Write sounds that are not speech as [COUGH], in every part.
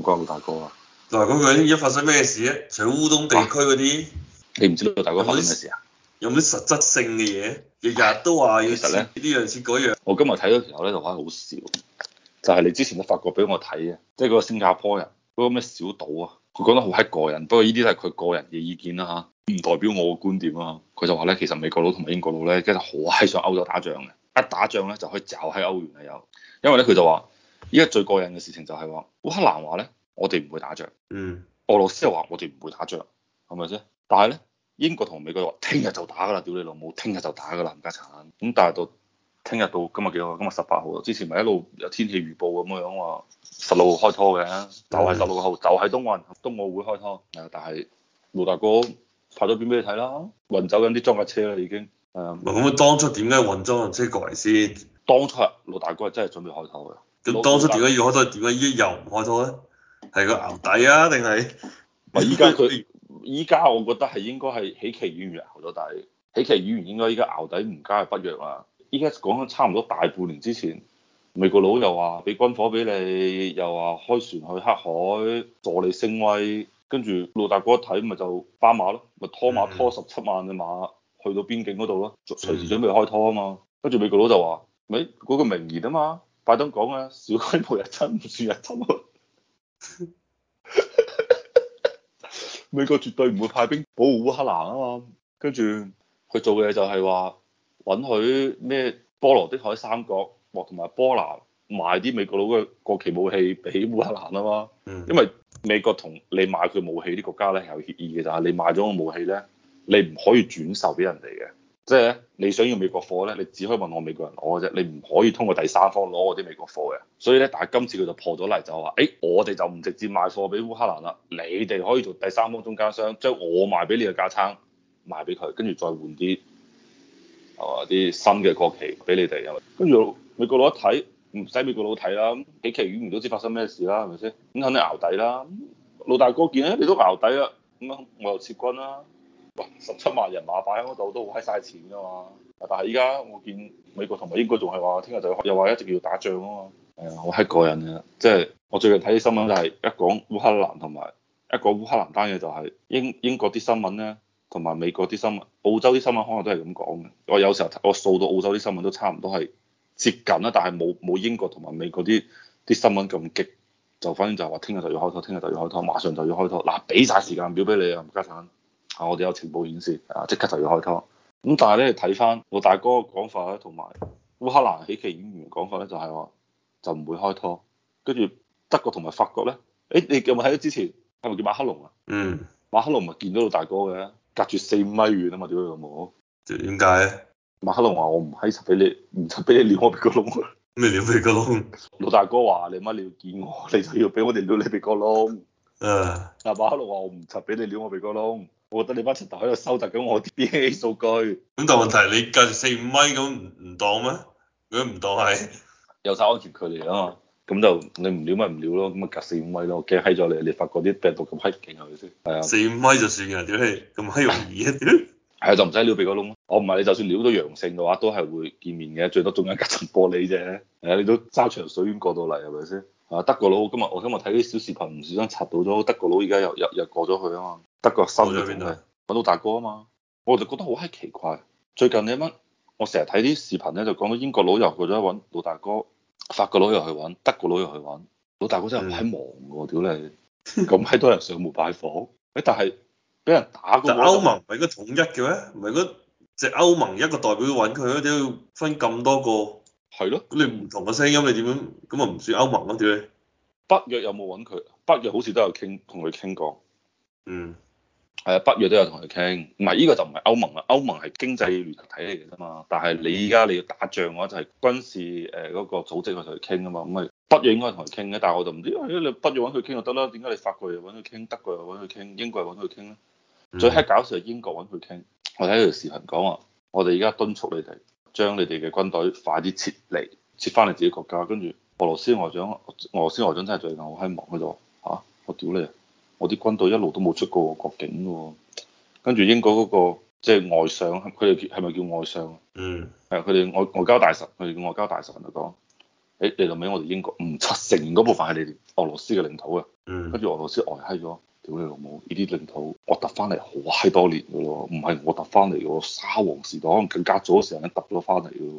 咁講啊，大哥啊，嗱，咁佢而家發生咩事咧？除咗烏東地區嗰啲，你唔知道大哥發生咩事啊？有咩啲實質性嘅嘢？日日都話要試呢樣試嗰樣。我今日睇咗時候咧，就覺得好笑。就係你之前都發過俾我睇嘅，即係嗰個新加坡人嗰、嗰個咩小島啊，佢講得好閪個人，不過呢啲都係佢個人嘅意見啦吓，唔代表我嘅觀點啊。佢就話咧，其實美國佬同英國佬咧，其實好閪想歐洲打仗嘅，一打仗咧就可以炒喺歐元啊有，因為咧佢就話。依家最過癮嘅事情就係話，烏克蘭話咧，我哋唔會打仗。嗯，俄羅斯又話我哋唔會打仗，係咪先？但係咧，英國同美國話聽日就打㗎啦，屌你老母，聽日就打㗎啦，冚家鏟。咁但係到聽日到今日幾號？今日十八號，之前咪一路有天氣預報咁樣話十六號開拖嘅，就係十六號，嗯、就係冬運冬奧會開拖。但係盧大哥拍咗片俾你睇啦，運走緊啲裝甲車啦，已經誒。唔係咁，當初點解運裝甲車過嚟先？當初盧大哥係真係準備開拖嘅。咁當初點解要開拖？點解依家又唔開拖咧？係個牛底啊，定係？咪依家佢依家我覺得係應該係喜劇演員熬咗底，喜劇演員應該依家熬底唔加係不弱啊！依家講緊差唔多大半年之前，美國佬又話俾軍火俾你，又話開船去黑海助你聲威，跟住老大哥一睇咪就班馬咯，咪拖馬拖十七萬嘅馬、嗯、去到邊境嗰度咯，隨時準備開拖啊嘛！跟住美國佬就話：咪、那、嗰個名義啊嘛！拜登講啦，小規模入侵唔算入侵。日 [LAUGHS] 美國絕對唔會派兵保護烏克蘭啊嘛，跟住佢做嘅嘢就係話允許咩波羅的海三國同埋波蘭賣啲美國佬嘅過期武器俾烏克蘭啊嘛。因為美國同你買佢武器啲國家咧，係有協議嘅，就係你買咗個武器咧，你唔可以轉售俾人哋嘅。即係你想要美國貨呢，你只可以問我美國人攞啫，你唔可以通過第三方攞我啲美國貨嘅。所以呢，但係今次佢就破咗例，就話，誒、欸，我哋就唔直接賣貨俾烏克蘭啦，你哋可以做第三方中間商，將我賣俾你嘅價差賣俾佢，跟住再換啲啲、呃、新嘅國旗俾你哋。跟住美國佬一睇，唔使美國佬睇啦，咁幾期遠唔都知發生咩事啦，係咪先？咁肯定淆底啦。老大哥見你都淆底啦，咁我又撤軍啦。十七萬人馬擺喺嗰度都好閪晒錢噶嘛，但係依家我見美國同埋英國仲係話聽日就要又話一直要打仗啊嘛。係啊、哎，好閪過癮嘅，即係我最近睇啲新聞就係一講烏克蘭同埋一講烏克蘭單嘢，就係英英國啲新聞咧，同埋美國啲新聞、澳洲啲新聞可能都係咁講嘅。我有時候我掃到澳洲啲新聞都差唔多係接近啦，但係冇冇英國同埋美國啲啲新聞咁激，就反正就係話聽日就要開拖，聽日就要開拖，馬上就要開拖嗱，俾晒時間表俾你啊，家產。啊！我哋有情報顯示，啊即刻就要開拖。咁但係咧睇翻我大哥嘅講法咧，同埋烏克蘭喜劇演員講法咧，就係話就唔會開拖。跟住德國同埋法國咧，誒你有冇睇到之前係咪叫馬克龍啊？嗯。馬克龍咪見到老大哥嘅，隔住四五米遠啊嘛，屌，有冇？點解咧？馬克龍話：我唔閪柒俾你，唔柒俾你撩我鼻哥窿。你撩鼻哥窿？老大哥話：你乜你要見我，你就要俾我哋撩你鼻哥窿。嗯、 [LAUGHS] 啊。啊！馬克龍話：我唔柒俾你撩我鼻哥窿。我覺得你班柒頭喺度收集緊我啲 DNA 數據。咁但係問題，你隔住四五米咁唔唔當咩？如果唔當係，有晒安全距離啊嘛。咁就你唔撩咪唔撩咯，咁咪隔四五米咯。嗯、米我驚閪咗你，你發覺啲病毒咁閪勁係咪先？係啊，四五米就算嘅屌，咁閪容易啊？係就唔使撩鼻哥窿。我唔係你，就算撩到陽性嘅話，都係會見面嘅，最多仲有隔層玻璃啫。誒，你都山長水遠過到嚟係咪先？啊，德國佬今日我今日睇啲小視頻，唔小心插到咗，德國佬而家又又又過咗去啊嘛。德國收咗邊度啊？揾老大哥啊嘛，我就覺得好閪奇怪。最近你乜？我成日睇啲視頻咧，就講到英國佬又去咗揾老大哥，法國佬又去揾，德國佬又去揾。老大哥真係唔閪忙㗎屌 [LAUGHS] 你，咁閪多人上門拜訪，誒但係俾人打過。但歐盟唔係應該統一嘅咩？唔係應該即歐盟一個代表揾佢咯？點解要分咁多個？係咯的，你唔同嘅聲音你點樣？咁啊唔算歐盟咯屌你！北約有冇揾佢？北約好似都有傾同佢傾過。嗯。係啊，北約都有同佢傾，唔係呢個就唔係歐盟啦，歐盟係經濟聯合體嚟嘅啫嘛。但係你依家你要打仗嘅話，就係、是、軍事誒嗰個組織去同佢傾啊嘛。咁咪北約應該同佢傾嘅，但係我就唔知、哎，你北約揾佢傾就得啦，點解你法國又揾佢傾，德國又揾佢傾，英國又揾佢傾咧？嗯、最黑 i t 搞嘅時係英國揾佢傾，我睇條視頻講話，我哋而家敦促你哋將你哋嘅軍隊快啲撤離，撤翻你自己國家。跟住俄羅斯外長，俄羅斯外長真係最近好閪忙，佢就話我屌你我啲軍隊一路都冇出過國境喎、啊，跟住英國嗰、那個即係、就是、外相，佢哋叫係咪叫外相、啊？嗯，誒佢哋外外交大臣，佢哋外交大臣就講，誒嚟到尾我哋英國，唔承認嗰部分係你哋俄羅斯嘅領土啊，跟住、嗯、俄羅斯呆閪咗，屌你老母，呢啲領土我揼翻嚟好閪多年噶咯，唔係我揼翻嚟喎，沙皇時代可能更加早嘅時候揼咗翻嚟嘅喎，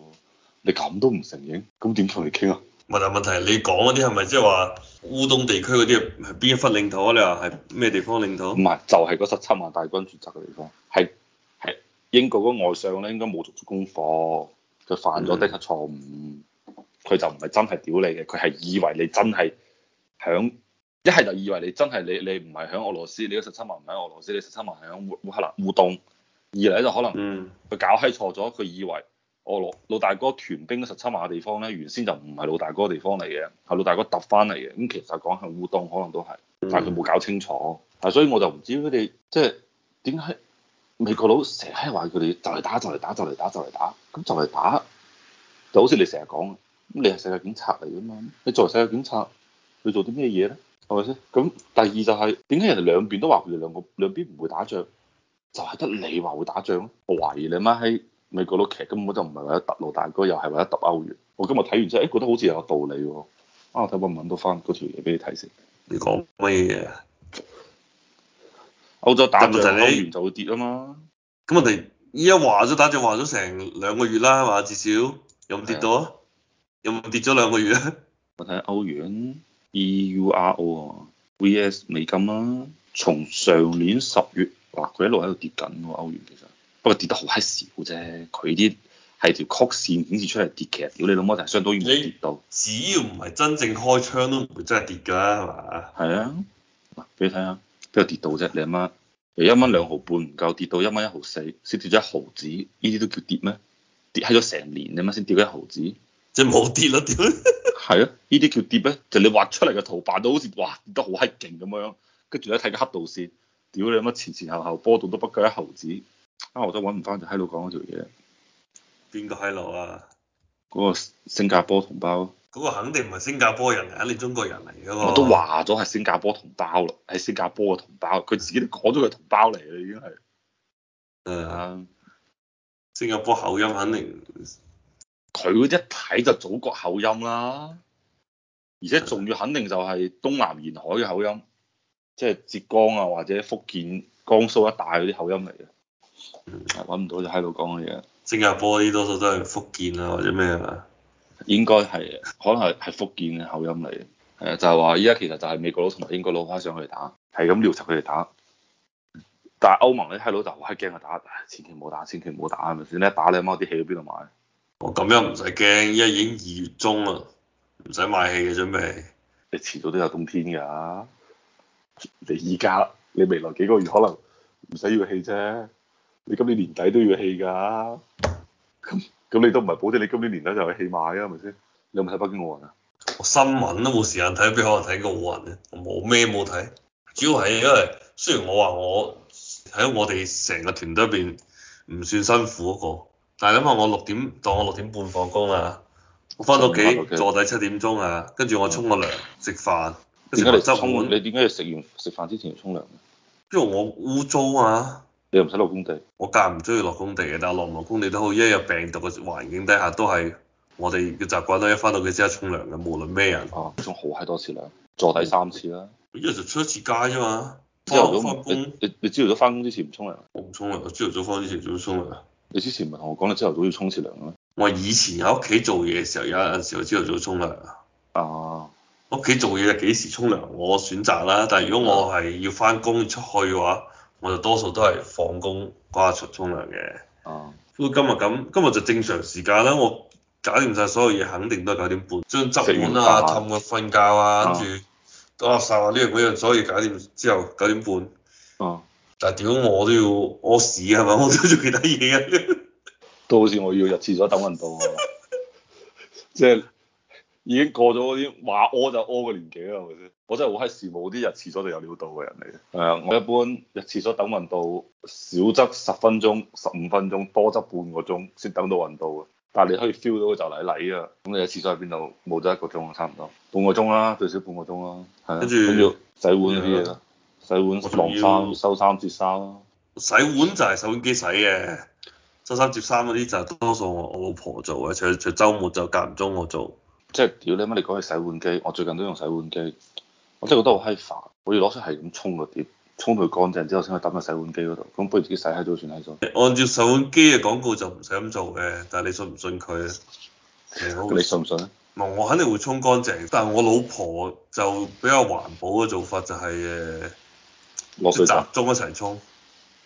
你咁都唔承認，咁點同你傾啊？問題問題，你講嗰啲係咪即係話烏東地區嗰啲係邊一忽領土啊？你話係咩地方領土？唔係，就係嗰十七萬大軍駐紮嘅地方。係係英國嗰外相咧，應該冇做足功課，佢犯咗低級錯誤。佢、嗯、就唔係真係屌你嘅，佢係以為你真係響一係就以為你真係你你唔係響俄羅斯，你嗰十七萬唔喺俄羅斯，你十七萬係響烏克蘭烏東。二嚟就可能佢搞閪錯咗，佢以為、嗯。我老大哥屯兵十七萬嘅地方咧，原先就唔係老大哥地方嚟嘅，係老大哥揼翻嚟嘅。咁其實講係烏冬，可能都係，但係佢冇搞清楚。嗯、但所以我就唔知佢哋即係點解美國佬成日話佢哋就嚟打就嚟打就嚟打就嚟打，咁就嚟打，打，打，打就好似你成日講，咁你係世界警察嚟噶嘛？你作為世界警察要做啲咩嘢咧？係咪先？咁第二就係點解人哋兩邊都話佢哋兩個兩邊唔會打仗，就係得你話會打仗咯？我懷疑你媽閪！美國佬劇根本就唔係為咗揼路，大哥，又係為咗揼歐元。我今日睇完之後，誒覺得好似有道理喎。啊，我睇可唔可揾到翻嗰條嘢俾你睇先？你講乜嘢啊？歐洲打仗，歐元就會跌啊嘛。咁我哋依家話咗打仗，話咗成兩個月啦，係嘛？至少有冇跌到啊？有冇跌咗兩個月啊？我睇歐元 E U R O 啊 V S 美金啦，從上年十月，嗱佢一路喺度跌緊喎，歐元不過跌得好閪少啫，佢啲係條曲線顯示出嚟跌，其實屌你老母就係相當於跌到，只要唔係真正開槍都唔會真係跌㗎啦，係嘛？係啊，嗱、啊，俾你睇下邊度跌到啫？你阿媽，你一蚊兩毫半唔夠跌到一蚊一毫四，先跌咗一毫子，呢啲都叫跌咩？跌喺咗成年，你阿媽先跌一毫子，即係冇跌咯，屌！係啊，呢啲叫跌咩？就是、你畫出嚟嘅圖扮到好似哇跌得好閪勁咁樣，跟住咧睇個黑道線，屌你阿媽前前後後，後，後波動都不夠一毫子。啊！我都揾唔翻，就喺度講嗰條嘢。邊個喺度啊？嗰個新加坡同胞。嗰個肯定唔係新加坡人嚟，肯定中國人嚟噶嘛。我都話咗係新加坡同胞啦，係新加坡嘅同胞。佢自己都講咗佢同胞嚟啦，已經係。誒、嗯，啊、新加坡口音肯定，佢一睇就祖國口音啦，嗯，而且仲要肯定就係東南沿海嘅口音，即係浙江啊或者福建、江蘇一帶嗰啲口音嚟嘅。揾唔到就喺度講嘅嘢。新加坡啲多數都係福建啊，或者咩啊，應該係，可能係係福建嘅口音嚟。誒，就係話依家其實就係美國佬同埋英國佬拉上去打，係咁撩插佢哋打。但係歐盟啲閪佬就話，係驚佢打，千祈唔好打，千祈唔好打，係咪先？一打你阿媽啲氣去邊度買？我咁樣唔使驚，依家已經二月中啦，唔使買氣嘅準備。你遲早都有冬天㗎，你依家，你未來幾個月可能唔使要氣啫。你今年年底都要戲噶、啊，咁咁你都唔係保證你今年年底就去戲買啊，係咪先？你有冇睇《北京奧運》啊？我新聞都冇時間睇，邊可能睇個奧運咧？我冇咩冇睇，主要係因為雖然我話我喺我哋成個團隊入邊唔算辛苦嗰、那個，但係諗下我六點，當我六點半放工啦、啊，我翻到屋企坐底七點鐘啊，跟住我沖個涼食飯，點解嚟沖？你點解我要食完食飯之前要沖涼？因為我污糟啊。你又唔使落工地，我間唔中要落工地嘅，但係落唔落工地都好，因為有病毒嘅環境底下都係我哋嘅習慣都一翻到去先得沖涼嘅，無論咩人啊，沖好閪多次涼，坐第三次啦。一日就出一次街啫嘛。朝頭早翻工，你朝頭早翻工之前唔沖涼？我唔沖涼，我朝頭早翻工之前早沖涼、啊。你之前唔係同我講你朝頭早，上早上要沖次涼咩？我以前喺屋企做嘢嘅時候，有陣時候朝頭早沖涼啊。屋企做嘢幾時沖涼？我選擇啦。但係如果我係要翻工出去嘅話，我就多數都係放工嗰出沖涼嘅。不過、啊、今日咁，今日就正常時間啦。我搞掂晒所有嘢，肯定都係九點半。將執碗啊、氹佢瞓覺啊，跟住阿啊。呢樣嗰樣，所有嘢搞掂之後九點半。哦、啊。但係點講我都要屙屎係咪？我都做其他嘢啊。到時我要入廁所等運到即係。 [LAUGHS] 即係已經過咗嗰啲話屙就屙嘅年紀啦，係咪先？我真係好閪羨慕啲入廁所就有料到嘅人嚟嘅。係啊，我一般入廁所等運到，少則十分鐘、十五分鐘，多則半個鐘先等到運到嘅。但係你可以 feel 到就嚟嚟啊。咁你喺廁所喺邊度？冇咗一個鐘差唔多，半個鐘啦，最少半個鐘啦。係跟住要洗碗嗰啲嘢咯，洗碗、晾衫、收衫、接衫咯。洗碗就係洗碗機洗嘅，收衫接衫嗰啲就多數我老婆做嘅，除除週末就間唔中我做。即係屌你乜？你講起洗碗機，我最近都用洗碗機，我真係覺得好閪煩，我要攞出係咁沖個碟，沖到佢乾淨之後先可以抌喺洗碗機嗰度。咁不如自己洗係都算喺度。按照洗碗機嘅廣告就唔使咁做嘅，但係你信唔信佢？ [LAUGHS] 你信唔信啊？我肯定會沖乾淨，但係我老婆就比較環保嘅做法就係誒攞集中一齊沖，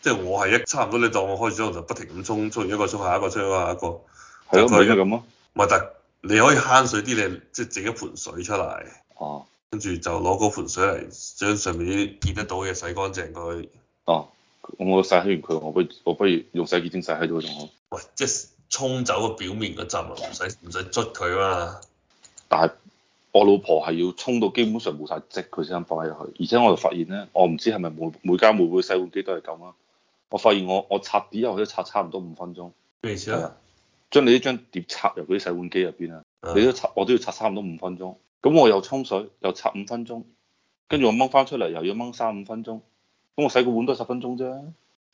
即係我係一差唔多，你當我開住咗我就不停咁沖，沖完一個衝下一,一,一,一,一,一,一個，衝咗下一個，係咯，咪係咁咯。唔 [LAUGHS] 你可以慳水啲，你即係整一盆水出嚟，跟住、啊、就攞嗰盆水嚟將上面啲見得到嘅洗乾淨佢。哦、啊，我洗完佢，我不如我不如用洗潔精洗喺度仲好。喂，即係沖走表面嗰汁，唔使唔使捽佢啊。但係我老婆係要沖到基本上冇晒漬佢先肯放喺入去，而且我就發現咧，我唔知係咪每每間每間洗碗機都係咁啊。我發現我我擦碟入去都擦差唔多五分鐘。咩意思啊？將你呢張碟插入嗰啲洗碗機入邊啊！你都插，我都要插差唔多五分鐘。咁我又沖水，又插五分鐘，跟住我掹翻出嚟，又要掹三五分鐘。咁我洗個碗都係十分鐘啫。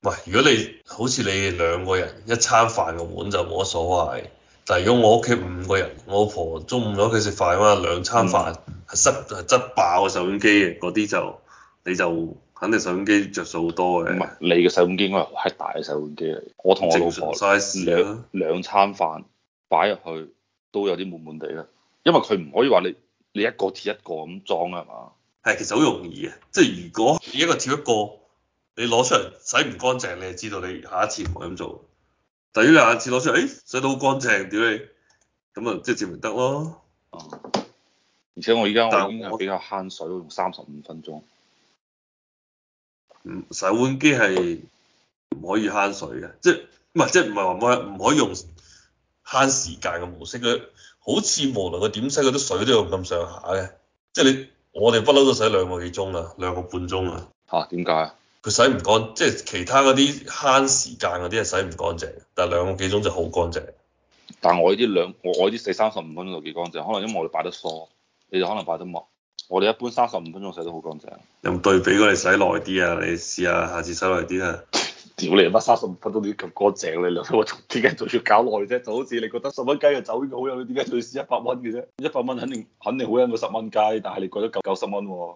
喂，如果你好似你兩個人一餐飯嘅碗就冇乜所謂，但係如果我屋企五個人，我婆中午喺屋企食飯啊嘛，兩餐飯係塞係塞爆洗碗機嘅嗰啲就你就。肯定洗碗機著數好多嘅，唔係你嘅洗碗機應該係好大嘅洗碗機嚟。我同我老婆常兩兩餐飯擺入去都有啲悶悶地啦，因為佢唔可以話你你一個貼一個咁裝啊，係嘛？係，其實好容易嘅，即係如果你一個貼一個，你攞出嚟洗唔乾淨，你就知道你下一次唔好咁做。但係如果下次攞出嚟，誒、哎、洗到好乾淨，點你，咁啊即係證唔得咯。嗯、而且我而家我比較慳水，我，我用三十五分鐘。洗碗機係唔可以慳水嘅，即係唔係即係唔係話唔可以用慳時間嘅模式，佢好似無論佢點洗，嗰啲水都用咁上下嘅，即係你我哋不嬲都洗兩個幾鐘啦，兩個半鐘啦，嚇，點解啊？佢、啊、洗唔乾，即係其他嗰啲慳時間嗰啲係洗唔乾淨，乾淨，但兩個幾鐘就好乾淨。但係我呢啲兩我我呢啲四三十五分鐘就幾乾淨，可能因為我哋擺得疏，你就可能擺得密。我哋一般三十五分鐘洗都好乾淨，有冇對比過你洗耐啲啊？你試下下次洗耐啲啊，屌你， [LAUGHS] 乜三十五分鐘都咁乾淨，你兩個鐘點解仲要搞耐啫？就好似你覺得十蚊雞嘅酒應該好嘢，點解仲要試一百蚊嘅啫？一百蚊肯定肯定好過十蚊雞，但係你貴咗九九十蚊喎。